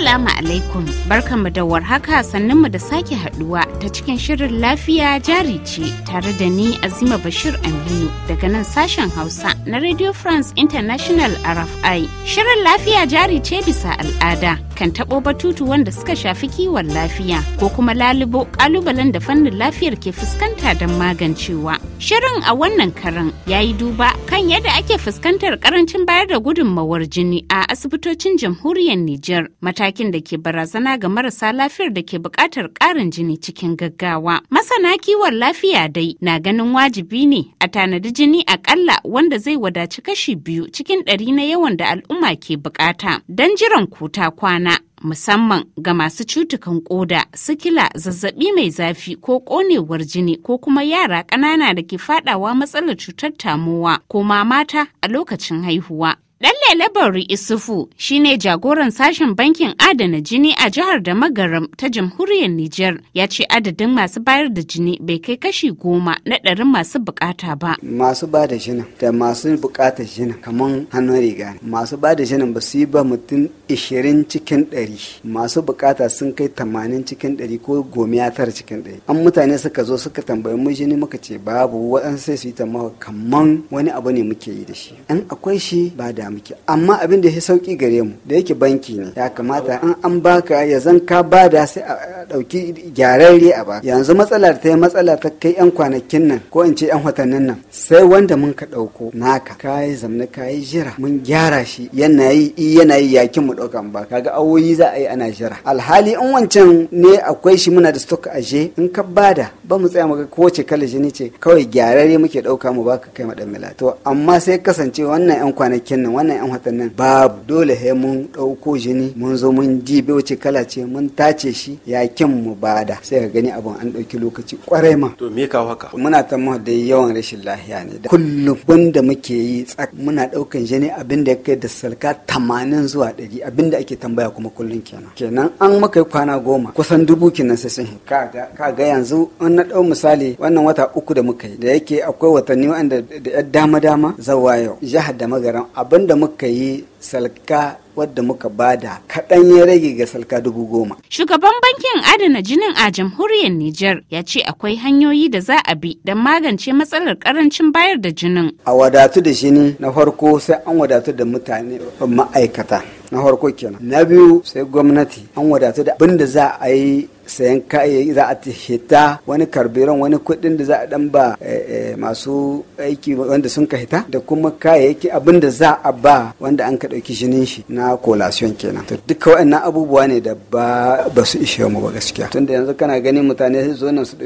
Assalamu alaikum barkanmu da warhaka mu da sake haduwa ta cikin shirin lafiya jari ce tare da ni Azima Bashir Aminu daga nan sashen Hausa na Radio France International RFI. Shirin lafiya jari ce bisa al'ada kan tabo batutu wanda suka shafi kiwon lafiya ko kuma lalubo kalubalen da fannin lafiyar ke fuskanta don magancewa Shirin a wannan karan ya yi duba kan yadda ake fuskantar karancin bayar da gudunmawar jini a asibitocin jamhuriyar Nijar matakin da ke barazana ga marasa lafiyar da ke bukatar ƙarin jini cikin gaggawa. Masana kiwon lafiya dai na ganin wajibi ne a tanadi jini akalla wanda zai wadaci kashi biyu cikin ɗari na yawan da al'umma ke buƙata don jiran kuta kwana musamman ga masu cutukan koda sikila zazzabi mai zafi ko konewar jini ko kuma yara ƙanana da ke fadawa matsalar cutar tamowa ko ma mata a lokacin haihuwa Dan Lelabari Isufu shine jagoran sashen bankin adana jini a jihar da magaram ta jamhuriyar Nijar ya ce adadin masu bayar da jini bai kai kashi goma na ɗarin masu bukata ba. Masu ba da jinin da masu bukata jinin kamar hannun riga ne. Masu ba da jinin ba su yi ba mutum 20 cikin 100 Masu bukata sun kai tamanin cikin 100 ko gomiya tara cikin 100. An mutane suka zo suka tambayi mu jini muka ce babu waɗansu sai su yi tamawa kamar wani abu ne muke yi da shi. An akwai shi ba da miki amma abin da ya sauki gare mu da yake banki ne ya kamata in an baka ya zan ka bada sai ɗauki gyararre a ba yanzu matsalar ta yi matsala ta kai yan kwanakin nan ko in ce yan watannin nan sai wanda mun ka ɗauko naka kayi zamna kayi jira mun gyara shi yana yi yana yi yakin mu ɗaukan ba kaga awoyi za a yi ana jira alhali in wancan ne akwai shi muna da stock aje in ka bada ba mu tsaya ko kowace kala jini ce kawai gyararre muke ɗauka mu baka kai madan mila to amma sai kasance wannan yan kwanakin nan wannan yan watannin babu dole he mun ɗauko jini mun zo mun dibe wace kala ce mun tace shi yakin. cikin mu bada sai ka gani abun an ɗauki lokaci kwarai ma to me kawo haka muna ta mu da yawan rashin lahiya ne kullum wanda muke yi tsak muna ɗaukan jini abin da ya kai da salka tamanin zuwa ɗari abin da ake tambaya kuma kullum kenan kenan an makai kwana goma kusan dubu kenan sai sun ka ga yanzu an na ɗau misali wannan wata uku da muka yi da yake akwai watanni wanda da dama dama zawa yau jihar da magaran abin da muka yi salka wadda muka bada kaɗan ya rage ga salka dubu goma. Shugaban bankin adana jinin a jamhuriyar Nijar ya ce akwai hanyoyi da za a bi don magance matsalar karancin bayar da jinin. A wadatu da jini na farko sai an wadatu da mutane ma'aikata na farko kenan. Na biyu sai gwamnati an wadatu da abin da za a yi sayan kayayyaki za a hita wani karbiran wani kuɗin da za a dan ba eh, eh, masu aiki wanda sun ka hita da kuma kayayyaki abin da za a ba wanda an ka dauki jinin shi na kolasiyon kenan to duka waɗannan abubuwa ne da ba ba su ishe mu ba gaskiya tunda yanzu kana ganin mutane su zo su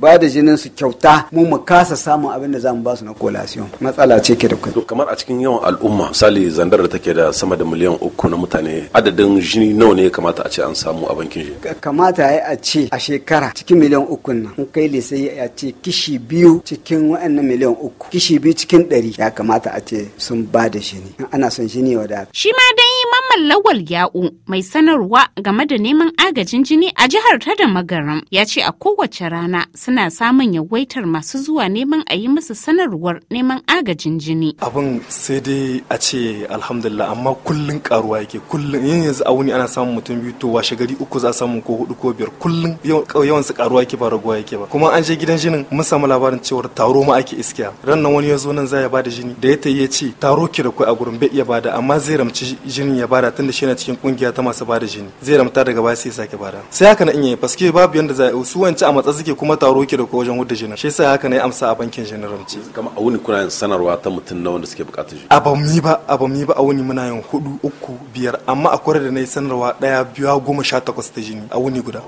ba da jinin su kyauta mu mu kasa samun abin da za mu ba su na kolasiyon matsala ce ke da kai kamar a cikin yawan al'umma misali zandar da take da sama da miliyan uku na mutane adadin jini nawa ne kamata a ce an samu a bankin shi kamata ya a ce a shekara cikin miliyan uku nan in kai lisai a ce kishi biyu cikin wa'annan miliyan uku kishi biyu cikin ɗari ya kamata a ce sun ba da shi ne ana son shi ne wadata. shi ma dai Muhammad Lawal Ya'u mai sanarwa game da neman agajin jini a jihar ta da magaram ya ce a kowace rana suna samun yawaitar masu zuwa neman a yi musu sanarwar neman agajin jini. Abin sai dai a ce alhamdulillah amma kullun karuwa yake kullun yin yanzu a wuni ana samun mutum biyu to washe gari uku za a samu ko hudu ko biyar kullun yawan su karuwa yake ba raguwa yake ba kuma an je gidan jinin mun samu labarin cewar taro ma ake iskiya ran nan wani ya zo nan za ya bada jini da ya ta ce taro ki da kai a gurin bai iya bada amma zai ramci jinin ya bada bada tun da shi na cikin kungiya ta masu bada jini zai ramta daga baya sai sake bada sai haka na in yayi paske babu yanda za a su wance a matsa suke kuma taro ke da wajen hudda jini shi yasa haka na yi amsa a bankin jinin ramci kama a wuni kuna yin sanarwa ta mutum na wanda suke bukatar jini abam ni ba abam ni ba a wuni muna yin hudu uku biyar amma akwai da na yi sanarwa daya biyu goma sha takwas ta jini a wuni guda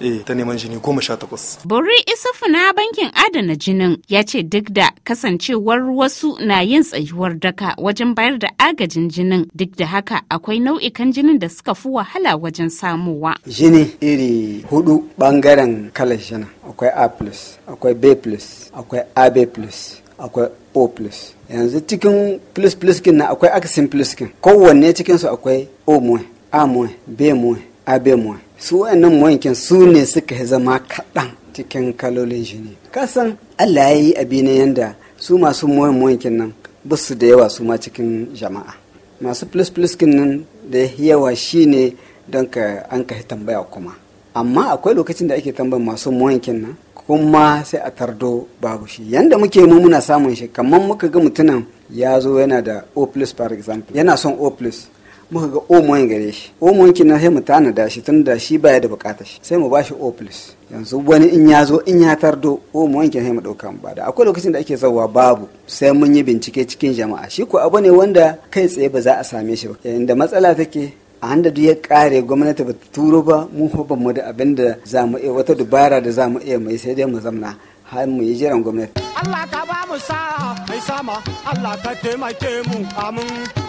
eh ta neman jini goma sha takwas. Bori Isufu na bankin adana jinin ya ce duk da kasancewar wasu na yin tsayuwar daka wajen bayar da agajin jinin duk da haka akwai nau'ikan jinin da suka fi wahala wajen samowa. Jini iri hudu bangaren kalar jinin akwai A plus akwai B plus akwai AB plus akwai O plus yanzu cikin plus plus kin na akwai aksin plus kin kowanne cikinsu akwai O mu, A mu, B a AB mu. su wayannan wankin su ne suka yi zama kaɗan cikin kalolin ne kasan allah ya yi abi na yanda su masu wankin nan ba su da yawa su ma cikin jama'a masu plus plus nan da yawa shine don ka an ka tambaya kuma amma akwai lokacin da ake tambayar masu wankin nan kuma sai a tardo babu shi yanda muke mu muna samun shi kamar muka ga mutumin ya zo yana da o plus for example yana son o plus muka ga omo gare shi omo ki na sai mu tanada shi tun da shi baya da bukata shi sai mu bashi o plus yanzu wani in ya zo in ya tardo omo ki sai mu dauka mu bada akwai lokacin da ake zawa babu sai mun yi bincike cikin jama'a shi ko abu ne wanda kai tsaye ba za a same shi ba inda matsala take a handa duk ya kare gwamnati ba turo ba mu ba mu da abin da za mu iya wata dubara da za mu iya mai sai dai mu zamna har mu yi jiran gwamnati Allah ka ba mu sa'a mai sama Allah ka taimake mu amin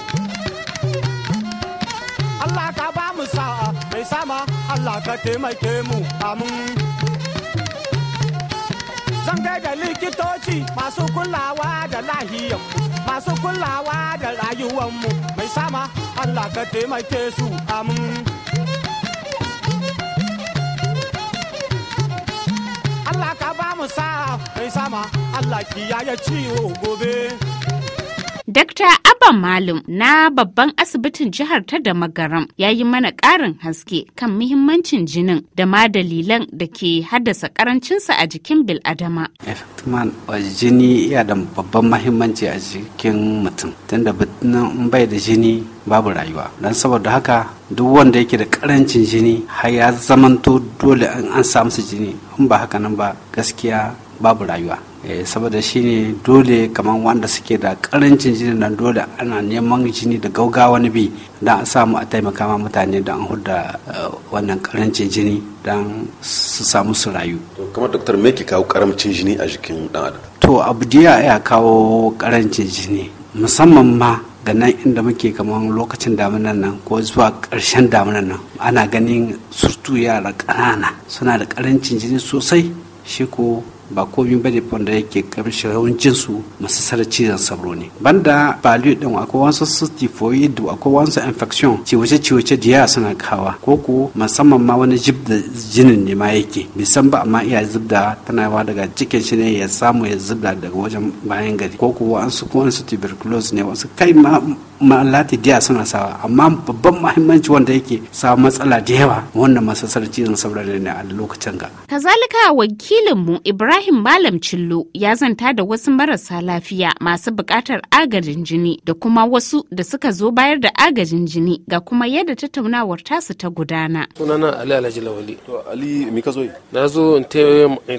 mu sa'a mai sama Allah ka taimake mu amin. Zan gaida likitoci masu kulawa da lahiyar masu kulawa da rayuwanmu mai sama Allah ka taimake su amin. Allah ka ba mu sa'a mai sama Allah kiyaye ciwo gobe. Dr. Abba Malum na babban asibitin jihar ta da Magaram ya yi mana ƙarin haske kan muhimmancin jinin da ma dalilan da ke haddasa karancinsa a jikin bil'adama. Effectman jini ya da babban mahimmanci a jikin mutum tunda bai da jini babu rayuwa don saboda haka duk wanda yake da karancin jini har ya zamanto dole an samu jini in ba haka nan ba gaskiya babu rayuwa eh, saboda shi ne dole kamar wanda suke da karancin jini nan dole ana neman jini da gauga wani bi don a samu a taimaka ma mutane don hudda eh, wannan karancin jini don su samu su rayu kamar doktor me kawo karamcin jini a jikin dan adam to abu da ya kawo karancin jini musamman ma ga nan inda muke kamar lokacin damunan nan ko zuwa karshen damunan nan ana ganin surtu yara ƙanana suna da karancin jini sosai shi ko ba komi ba ne wanda yake kamshi yawancin su masu sara cizon sabro ne banda baliyo din akwai wasu su da akwai wasu infection ciwace ciwace da yawa suna kawa ko ko musamman ma wani jib da jinin ne ma yake bisan ba amma iya zubda tana yawa daga cikin shi ne ya samu ya zubda daga wajen bayan gari ko ko wasu ko wasu tuberculosis ne wasu kai ma lati da suna sawa amma babban mahimmanci wanda yake sa matsala da yawa wannan masasar cizon sabro ne a lokacin ga kazalika wakilinmu ibrahim Ibrahim Malam Cillo ya zanta da wasu marasa lafiya masu buƙatar agajin jini da kuma wasu da suka zo bayar da agajin jini ga kuma yadda tattaunawar tasu ta gudana. Sunana Ali Alhaji Lawali. To Ali me ka zo yi? Na zo in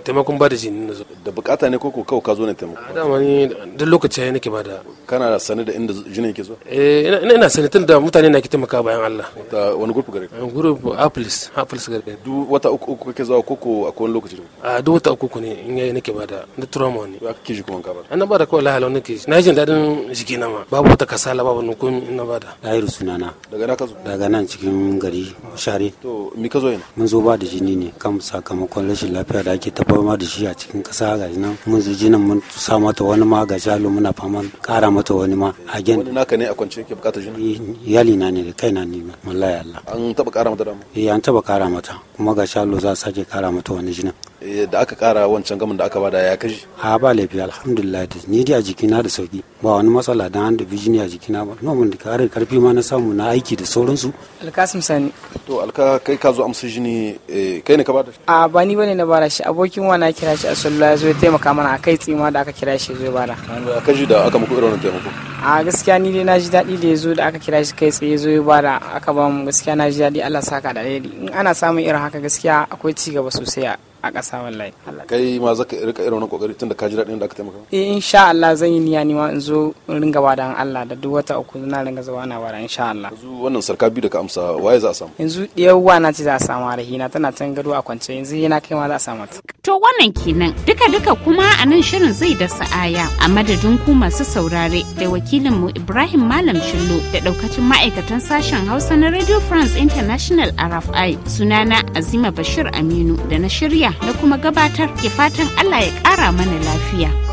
taimakon ba da jini na zo. Da buƙata ne ko kawai ka zo ne taimako? Da ni duk lokacin ya nake bada. Kana da sani da inda jini ke zo? Eh ina ina sani da mutane na ke taimaka bayan Allah. Ta wani gurfi gare ka? Eh, gurfi Aplis, Aplis gare ka. Duk wata uku kake zuwa ko ko akwai wani lokaci? A ah, duk wata uku ne. in yayi nake bada na trauma ne ba kiji kuma ka bada an bada kawai lahalo nake na jin dadin jiki na ma babu wata kasala babu nuku komai in na bada sunana daga na kazo daga nan cikin gari share to mi kazo yana mun zo ba da jini ne kan sakamakon rashin lafiya da ake tabbama da shi a cikin kasa ga nan mun zo jinin mun sa mata wani ma ga jalo muna fama kara mata wani ma again wani naka ne a kwance yake bukatar jini eh, yali na ne kai na ne wallahi Allah an taba kara mata da mu eh an taba kara mata kuma ga shalo za a sake kara mata wani jinin eh, da aka kara wancan gangamin da aka bada ya kashi ha ba laifi alhamdulillah da ni da a jikina da sauki ba wani matsala da an da ya a jikina ba mun da karin karfi ma na samu na aiki da sauransu alkasim sani to alka kai ka zo amsa jini eh, kai ne ka bada a ba ni bane na bada shi abokin wa na kira shi a sallah zo ya taimaka mana a tsima da aka kira shi zai bada a kashi da aka muku irin wannan taimako a gaskiya ni dai na ji daɗi da ya zo da aka kira shi kai tsaye zo ya bada aka ba mu gaskiya na ji daɗi Allah saka da alheri in ana samun irin haka gaskiya akwai ci gaba sosai a ƙasa wallahi kai ma zaka rika irin wannan kokari tunda ka ji daɗin da aka taimaka eh insha Allah zan yi niyya ma in zo in ringa ba an Allah da duk wata uku na ringa zuwa na wara insha Allah yanzu wannan sarka biyu da ka amsa waye za a samu yanzu yawwa na ce za a samu a rahina tana can gado a kwance yanzu yana kai ma za a samu ta to wannan kenan duka duka kuma a nan shirin zai da sa'aya a madadin ku masu saurare da wakilin mu Ibrahim Malam Shillo da daukacin ma'aikatan sashen Hausa na Radio France International RFI sunana Azima Bashir Aminu da na shirya shirya na kuma gabatar ke fatan Allah ya ƙara mana lafiya.